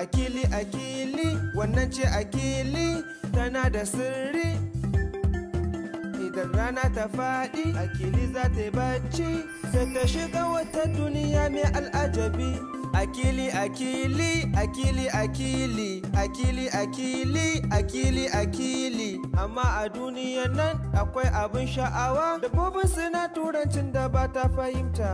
akili akili wannan ce akili tana da sirri idan rana ta faɗi akili za ta yi bacci sai ta shiga wata duniya mai al'ajabi akili akili akili akili akili akili akili akili amma a duniyan nan akwai abin sha'awa dabbobin suna turancin da ba ta fahimta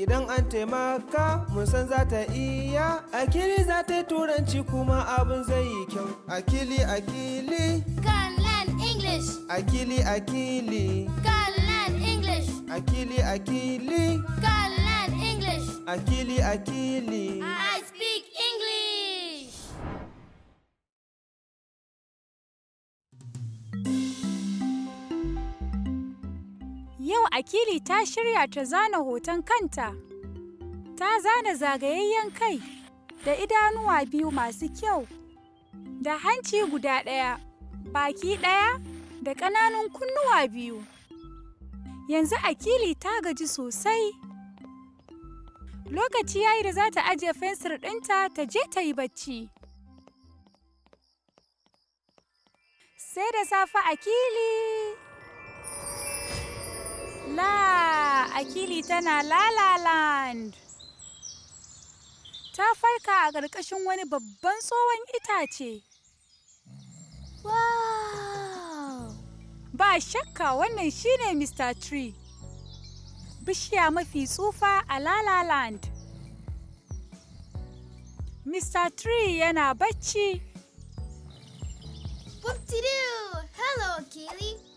idan an taimaka musan za ta iya akili za ta turanci kuma abin zai yi kyau akili akili can learn english akili akili can learn english akili akili can learn english akili akili, akili, akili. Akili ta shirya ta zana hoton kanta. Ta zana zagayayyen kai da idanuwa biyu masu kyau, da hanci guda ɗaya, baki ɗaya da ƙananun kunnuwa biyu. Yanzu Akili ta gaji sosai. Lokaci ya yi da za ta ajiye fensir ɗinta ta je ta yi bacci. Sai da safe Akili! La, Akili tana lalaland. Ta farka a ƙarƙashin wani babban tsohon itace. Ba shakka wannan shine Mr. Tree. Bishiya mafi tsufa a lalaland. Mr. Tree yana bacci. boop de doo Hello, Kaylee!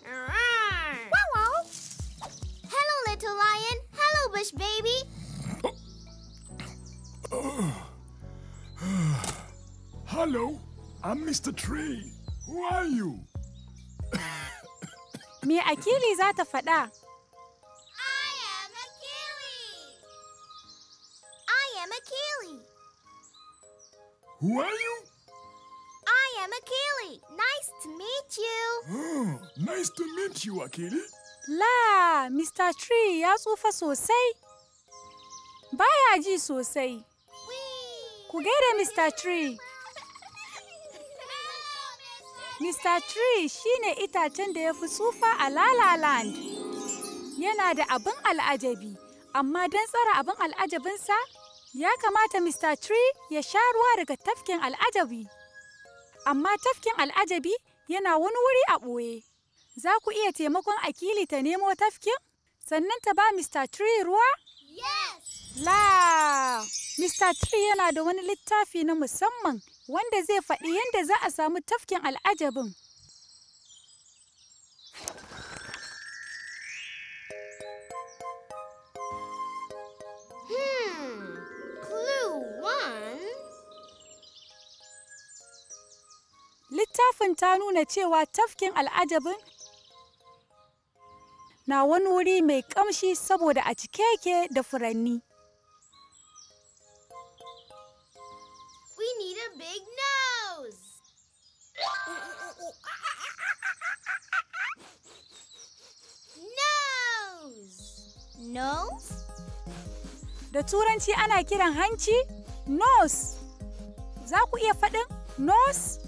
lion. Hello, Bush Baby. Hello, I'm Mr. Tree. Who are you? Me Achilles, out of faɗa. I am Achilles. I am Achilles. Who are you? I am Achilles. Nice to meet you. Oh, nice to meet you, Achilles. La, Mr. Tree ya tsufa sosai. Baya ji sosai. Ku gaida Mr. Tree. Mr. Tree ne itacen da ya fi tsufa a Lalaland. Yana da abin al'ajabi, amma don tsara abin al'ajabinsa, ya kamata Mr. Tree ya sha ruwa daga tafkin al'ajabi. Amma tafkin al'ajabi yana wani wuri a ɓoye. Za ku iya taimakon Akili ta nemo tafkin? Sannan ta ba Mr. Tree ruwa? Yes! La! Mr. Tree yana da wani littafi na musamman wanda zai faɗi yadda za a samu tafkin al'ajabin. Hmm, littafin ta nuna cewa tafkin al'ajabin na wani wuri mai ƙamshi saboda a cike yake da furanni. We need a big nose! nose! Nose? Da turanci ana kiran hanci nose. Za ku iya faɗin nose?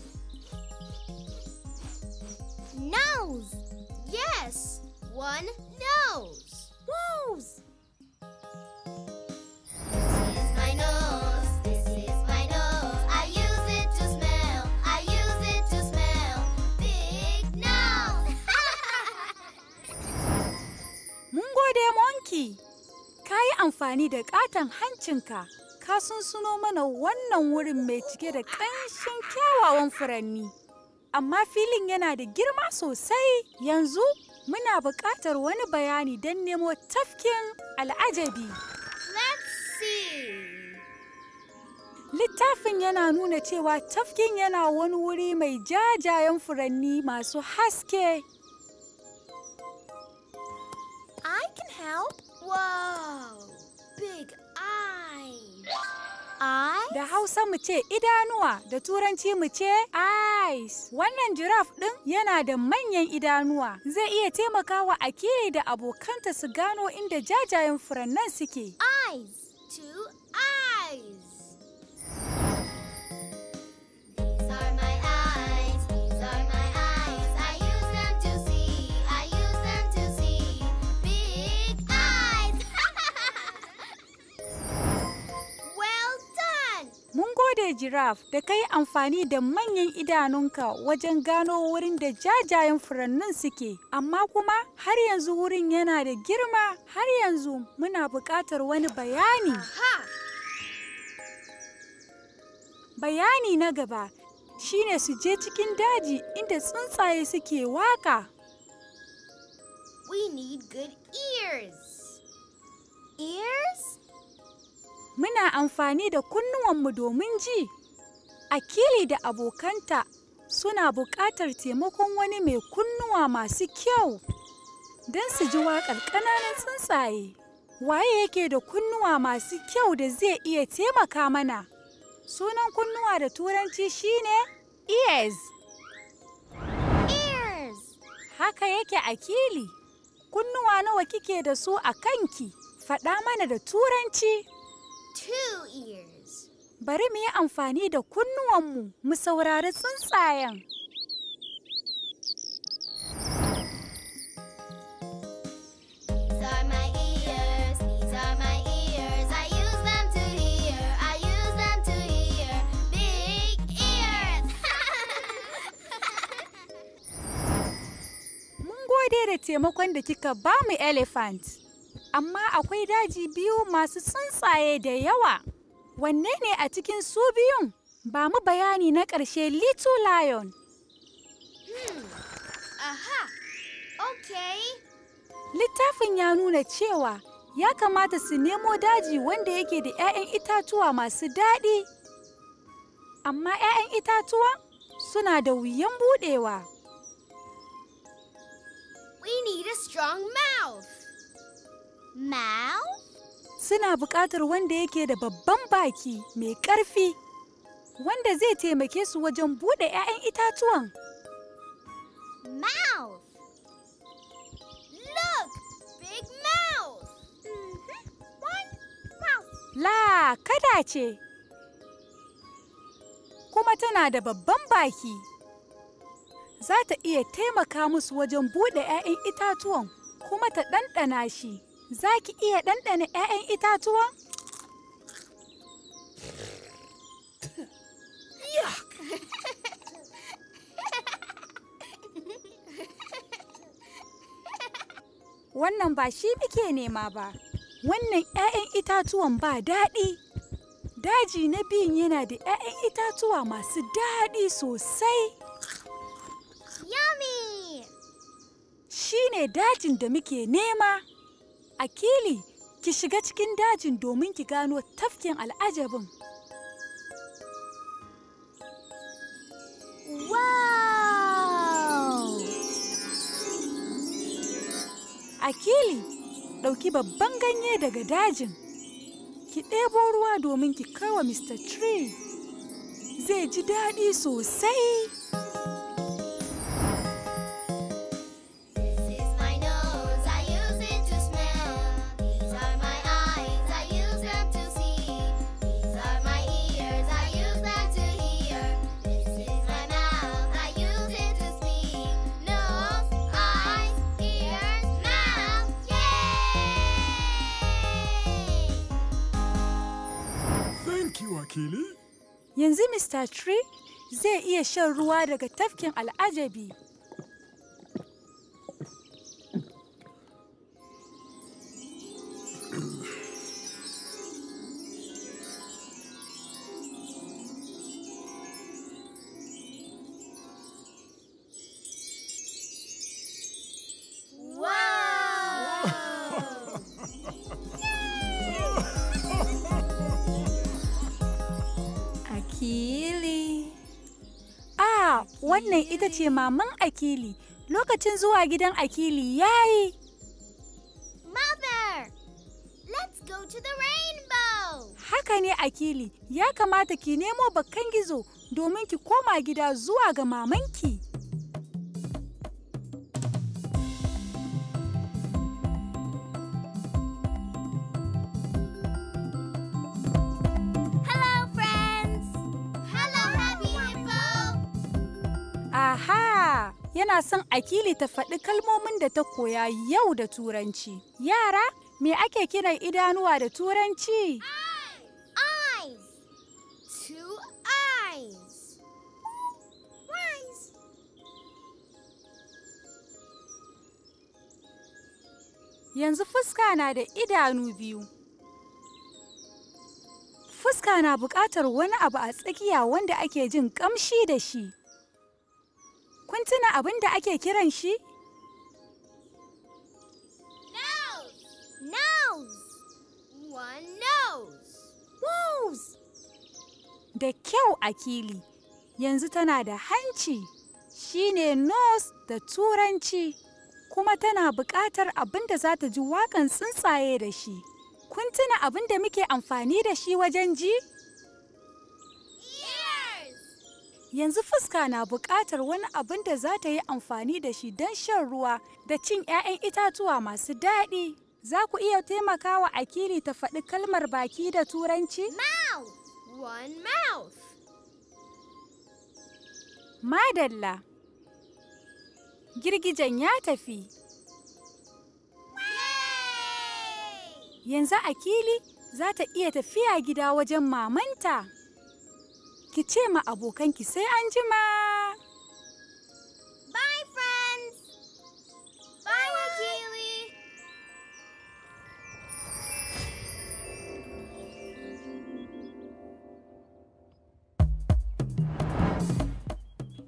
Nose! Yes! one nose. Nose! ka yi amfani da ƙaton hancinka, ka sunsuno mana wannan wurin mai cike da ƙanshin kyawawan furanni. Amma filin yana da girma sosai yanzu muna buƙatar wani bayani don nemo tafkin al'ajabi. Littafin yana nuna cewa tafkin yana wani wuri mai jajayen furanni masu haske. I Da Hausa mu ce idanuwa, da Turanci mu ce Guys, wannan giraffe ɗin yana da manyan idanuwa. Zai iya taimakawa a Akili da abokanta su gano inda jajayen furannan suke. Eyes, two eyes. da giraffe da ka yi amfani da manyan idanunka wajen gano wurin da jajayen furannin suke amma kuma har yanzu wurin yana da girma har yanzu muna buƙatar wani bayani bayani na gaba shine su je cikin daji inda tsuntsaye suke waka we need good ears ears muna amfani da kunnuwanmu domin ji. Akili da abokanta suna buƙatar taimakon wani mai kunnuwa masu kyau don su ji waƙar ƙananan tsuntsaye. Waye yake da kunnuwa masu kyau da zai iya taimaka mana? Sunan kunnuwa da turanci shine ears. Ears. Haka yake akili. Kunnuwa nawa kike da su a kanki? Faɗa mana da turanci. two ears. Bari mu yi amfani da kunnuwanmu mu saurari tsuntsayen. Mun gode da taimakon da kika ba mu elephant. amma akwai daji biyu masu tsuntsaye da yawa. Wanne ne a cikin su biyun? Ba mu bayani na ƙarshe Little Lion. Hmm. Littafin ya nuna cewa ya kamata su nemo daji wanda yake da 'ya'yan itatuwa masu daɗi. Amma 'ya'yan itatuwa suna da wuyan buɗewa. We need a strong mouth. Mouth? Suna buƙatar wanda yake da babban baki mai ƙarfi wanda zai taimake su wajen buɗe 'ya'yan itatuwan. Mm-hmm. Mouth! La, kada ce! Kuma tana da babban baki. Za ta iya taimaka musu wajen buɗe 'ya'yan itatuwan kuma ta ɗanɗana shi. za ki iya ɗanɗana 'ya'yan itatuwa? Wannan ba shi muke nema ba, wannan 'ya'yan itatuwan ba daɗi. Daji na biyun yana da 'ya'yan itatuwa masu daɗi sosai. Yummy! Shi ne dajin da muke nema. Akili, ki shiga cikin dajin domin ki gano tafkin al'ajabin. Wow! Akili, ɗauki babban ganye daga dajin. Ki ɗebo ruwa domin ki kawo Mr. Tree. Zai ji daɗi sosai. Yanzu Mr. Tree zai iya shan ruwa daga tafkin al'ajabi. wannan ita ce maman Akili. Lokacin zuwa gidan Akili yayi. Mother, let's go Haka ne Akili, ya kamata ki nemo bakkan gizo domin ki koma gida zuwa ga mamanki. yana son akili ta faɗi kalmomin da ta koya yau da turanci. Yara, me ake kiran idanuwa da turanci? Yanzu fuska na da idanu biyu. Fuska na buƙatar wani abu a tsakiya wanda ake jin ƙamshi da shi. Kun tuna abin da ake kiran shi? Da kyau akili, yanzu tana da hanci, shine nos da turanci, kuma tana buƙatar abin da za ta ji waƙan tsuntsaye da shi. Kun tuna abin da muke amfani da shi wajen ji? Yanzu fuska na buƙatar wani abin da za ta yi amfani da shi don shan ruwa da cin 'ya'yan itatuwa masu daɗi. Za ku iya taimakawa Akili ta faɗi kalmar baki da Turanci? Mouth! Madalla! Girgijen ya tafi. Yanzu Akili za ta iya tafiya gida wajen mamanta. ki ce ma abokanki sai an ma. Bye friends! Bye, wakili!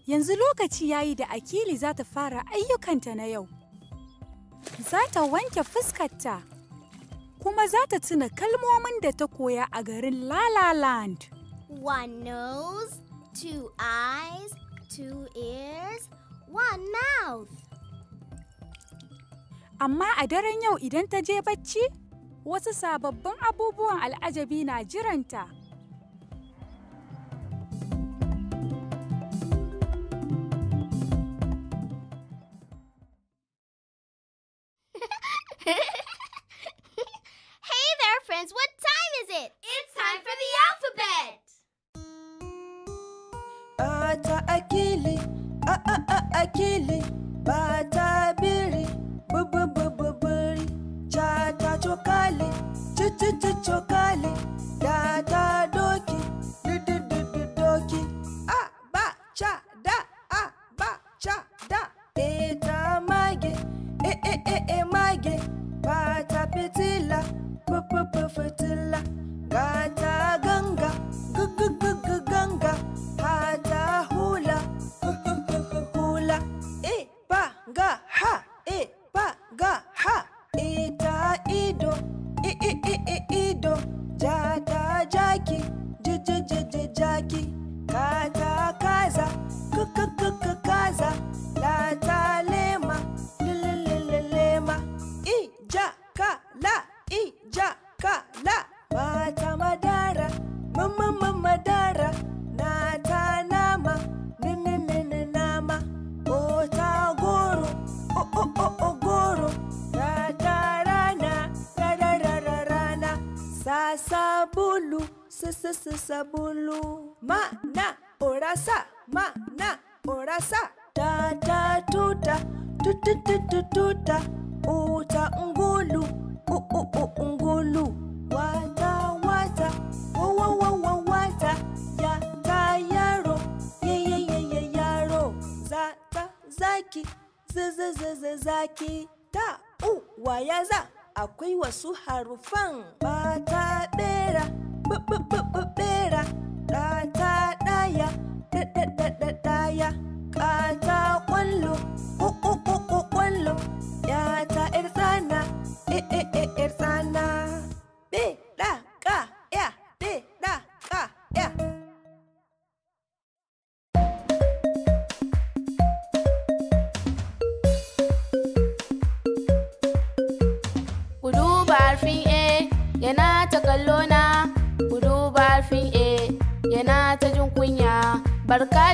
Yanzu lokaci yayi da Akili za ta fara ayyukanta na yau. Za ta wanke fuskarta, kuma za ta tuna kalmomin da ta koya a garin La La Land. One nose, two eyes, two ears, one mouth. Amma a daren yau idan ta je bacci, wasu sababbin abubuwan al'ajabi na jiranta. akili ba ta biri bububububuri cha ta cokali ci ci ci cokali zaki ta u waya za akwai wasu harufan ba ta bera bera ta ɗaya da ɗaya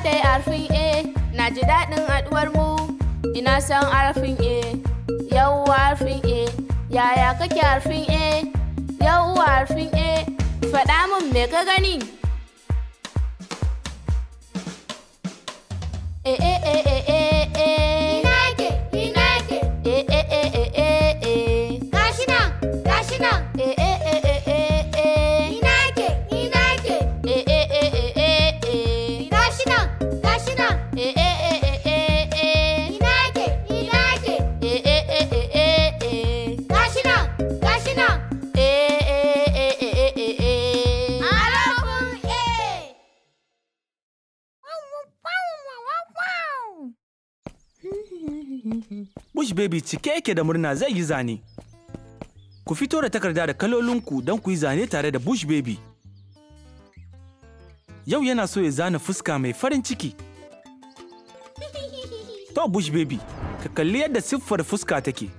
birthday arfin A, na ji daɗin haɗuwar mu, ina son arfin A, yawwa arfin A, yaya kake arfin A, yawwa arfin A, faɗa min me ka gani? Eh eh eh eh. cike yake da murna zai yi zane. Ku fito da takarda da kalolinku don ku yi zane tare da Bush Baby. Yau yana so ya zana fuska mai farin ciki. To Bush Baby, ka kalli yadda siffar fuska take.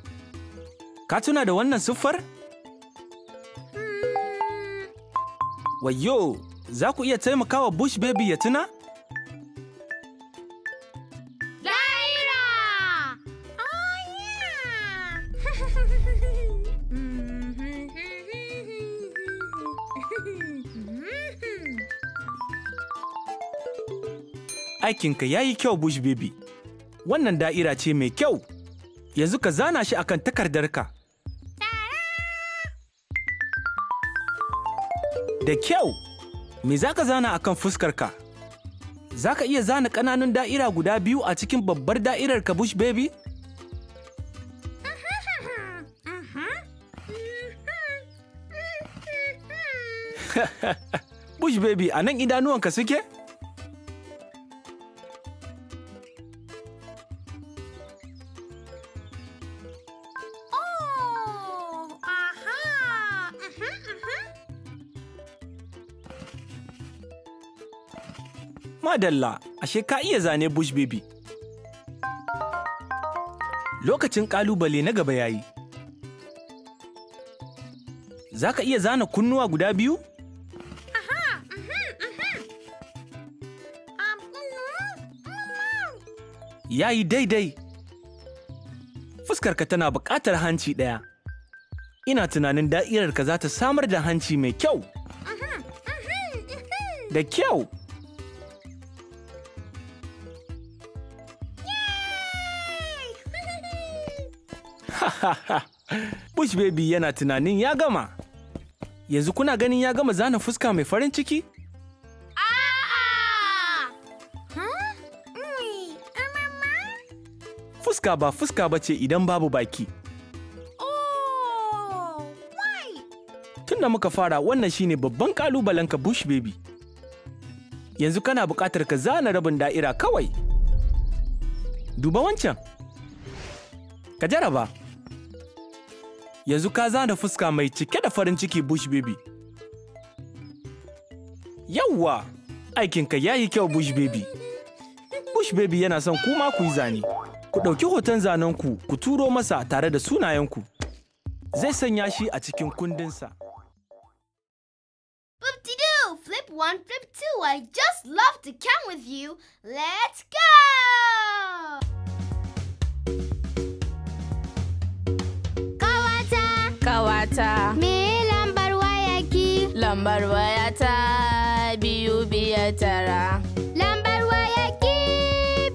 Ka tuna da wannan siffar? Wayo, za ku iya taimakawa Bush Baby ya tuna? aikinka ya yi kyau bush baby wannan da'ira ce mai kyau yanzu ka zana shi akan takardarka da kyau me za ka zana akan fuskarka za ka iya zana ƙananun da'ira guda biyu a cikin babbar da'irar ka bush baby bush baby a nan idanuwanka suke? dalla ashe ka iya zane Bush Baby. Lokacin ƙalubale na gaba yayi. Za ka iya zana kunnuwa guda biyu? Mhm, mhm. Mm-hmm, mm-hmm. Ya yi daidai. Fuskarka tana buƙatar hanci ɗaya. Ina tunanin da'irarka za ta samar da hanci mai kyau. Mhm, da kyau! Bush baby yana tunanin ya gama. Yanzu kuna ganin ya gama zana fuska mai farin ciki? Fuska ba fuska ba ce idan babu baki. Oh, Tunda muka fara wannan shine babban ƙalubalenka Bush baby. Yanzu kana buƙatar ka zana rabin da'ira kawai. Duba wancan. Ka jaraba. yanzu ka zana fuska mai cike da farin ciki Bush Baby. Yawwa, aikinka ya yi kyau Bush Baby. Bush Baby yana son kuma ku yi zane. Ku ɗauki hoton zanenku ku turo masa tare da sunayenku. Zai sanya shi a cikin kundinsa. flip one, flip two. I just love to come with you. Let's go! ƙawata. Me lambar wayaki? Lambar wayata biyu biyar tara. Lambar wayaki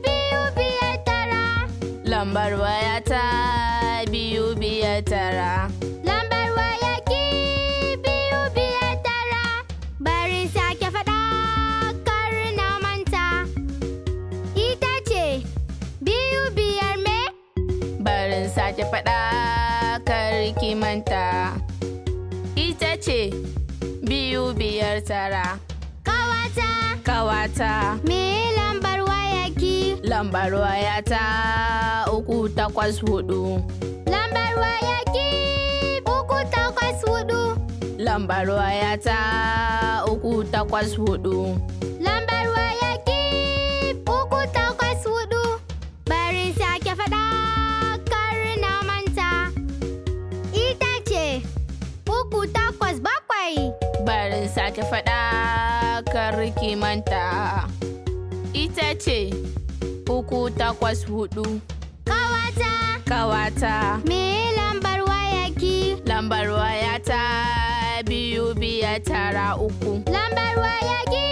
biyu biyar tara. Lambar wayata biyu biyar tara. Lambar wayaki biyu biyar tara. Bari sake faɗa kar na manta. Ita ce biyu biyar me? bari sake faɗa. kimanta. Ita ce biyu biyar tara. Kawata. Kawata. Me lambar wayaki? Lambar wayata uku takwas hudu. Lambar wayaki uku takwas hudu. Lambar wayata uku takwas hudu. ta faɗa karki manta ita ce uku takwas hudu kawata kawata me lambar wayaki lambar wayata biyu biya tara uku lambar wayaki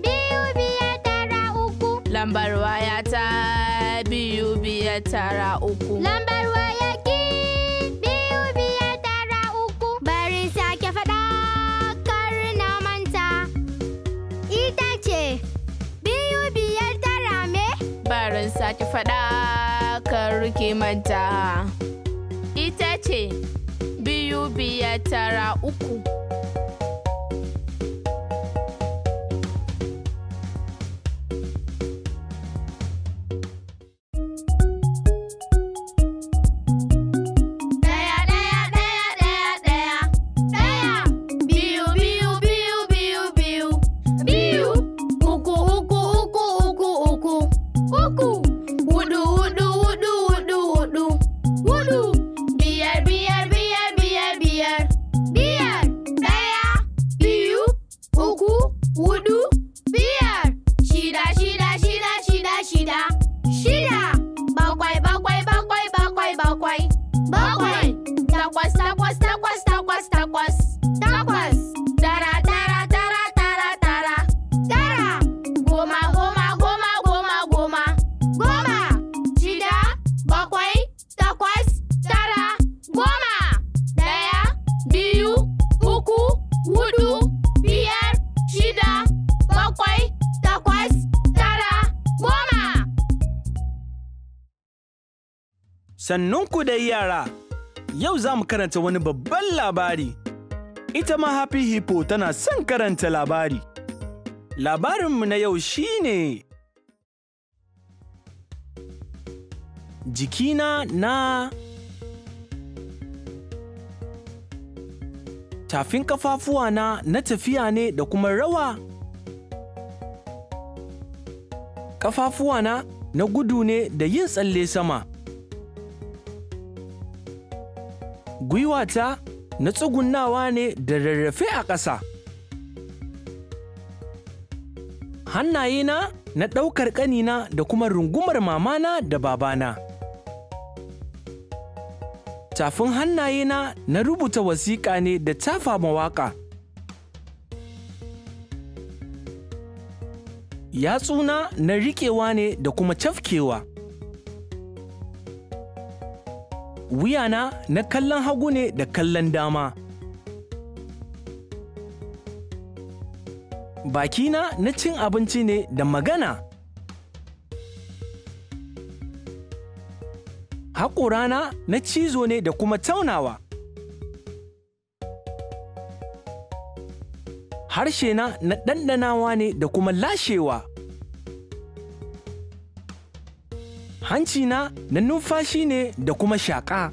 biyu biya tara uku lambar wayata biyu biya tara uku lambar wayaki ce, biyu biyar tara me? Barin sake faɗa kan rike manta. Ita ce, biyu biyar tara uku. Sannunku dai yara, yau za mu karanta wani babban labari. Ita ma Happy Hippo tana son karanta labari. Labarinmu na yau shi ne Jikina na tafin kafafuwana na tafiya ne da kuma rawa. Kafafuwana na gudu ne da yin tsalle sama. gwiwata na tsugunnawa ne da rarrafe a ƙasa. Hannayena na ɗaukar ƙanina da kuma rungumar mamana da babana. Tafin hannayena na rubuta wasiƙa ne da tafa mawaƙa. Yatsuna na riƙewa ne da kuma cafkewa. wuyana na kallon hagu ne da kallon dama. Bakina na cin abinci ne da magana. Haƙorana na cizo ne da kuma taunawa. Harshena na ɗanɗanawa ne da kuma lashewa. hanci na na numfashi ne da kuma shaƙa.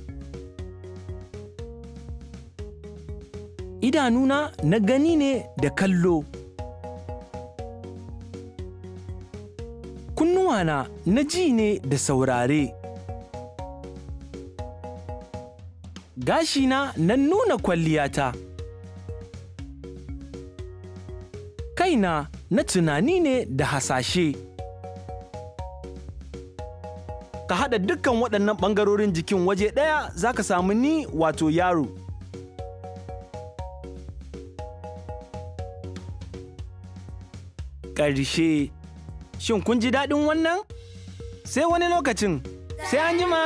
Idanuna na gani ne da kallo. Kunnuwana na ji ne da saurare. Gashina na nuna kwalliyata. Kaina na tunani ne da hasashe. ka haɗa dukkan waɗannan ɓangarorin jikin waje ɗaya za ka samu ni wato yaro. Ƙarshe, shin kun ji daɗin wannan? Sai wani lokacin, sai an jima!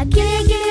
A gire